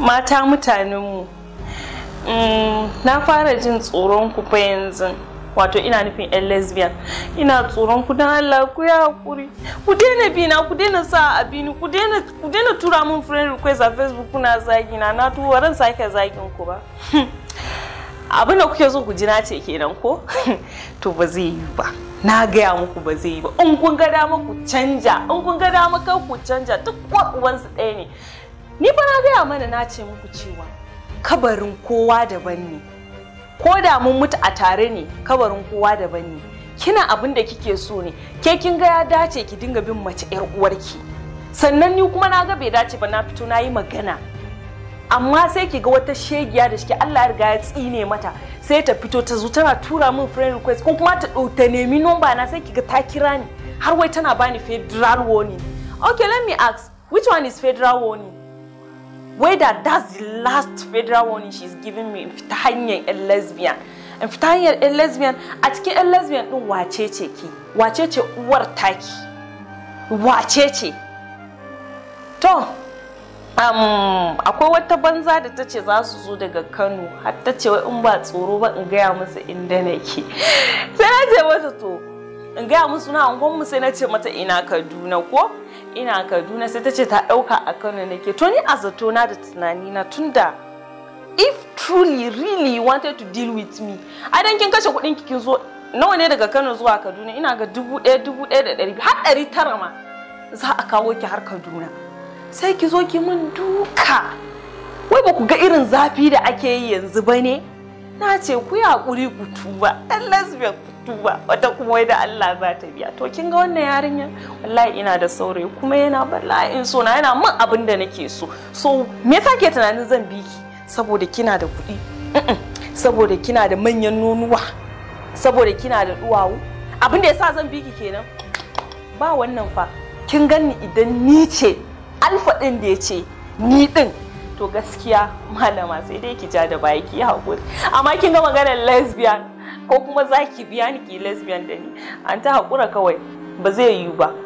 mata mutanenmu mm, na fara jin tsoron ku fa yanzu wato ina nufin yan lesbian ina tsoron ku don Allah ku ya hakuri ku daina bi na ku daina sa a bi ni ku daina tura min friend request a facebook kuna zagi na na tuwa ran sake zagin ku ba abin da kuke so ku ji na ce kenan ko to ba zai yi ba na gaya muku ba zai yi ba in kun ga dama ku canja in kun ga dama kar ku canja duk uwansu ɗaya ne ni fa na gaya mana na ce muku cewa kabarin kowa daban ne ko da mun mutu a tare ne kabarin kowa daban ne kina abin da kike so ne ke kin ga ya dace ki dinga bin mace yar uwarki sannan ni kuma na ga bai dace ba na fito na yi magana amma sai ki ga wata shegiya da shike Allah ya riga ya tsine mata sai ta fito ta zo tana tura min friend request ko kuma ta ta nemi number na sai ki ga ta kira ni har wai tana bani federal warning okay let me ask which one is federal warning whether that's the last federal warning she's giving me in fita hanyar lesbian in fita hanyar yan lesbian a cikin yan lesbian din wace ce ki wace ce uwar taki wace ce to um, akwai wata banza da ta ce za su zo daga kano har ta ce wai in ba tsoro ba in gaya musu inda nake sai na ce mata to in gaya musu na angon mu sai na ce mata ina kaduna ko ina kaduna sai ta ce ta ɗauka a kano nake to ni a zato na da tunani na tunda if truly really you wanted to deal with me a dan kin kashe kuɗin kin zo nawa ne daga kano zuwa kaduna ina ga dubu ɗaya dubu ɗaya da ɗari har ɗari tara ma za a kawo ki har kaduna sai ki zo ki min duka wai ba ku ga irin zafi da ake yi yanzu ba ne na ce ku ya hakuri ku tuba dan lesbian ku tuba wata kuma wai da Allah za ta biya to kin ga wannan yarinyar wallahi ina da saurayi kuma yana bala'in so na yana min abin da nake so so me yasa ke tunanin zan bi ki saboda kina da kuɗi saboda kina da manyan nonuwa saboda kina da duwawu abin da yasa zan bi ki kenan ba wannan fa kin gani idan ni ce alfa din da ya ce ni din to gaskiya malama sai dai ki ja da baya ki hakuri. amma kin ga maganar lesbian ko kuma za ki biya ni ki lesbian da ni an ta haƙura kawai ba zai yiwu ba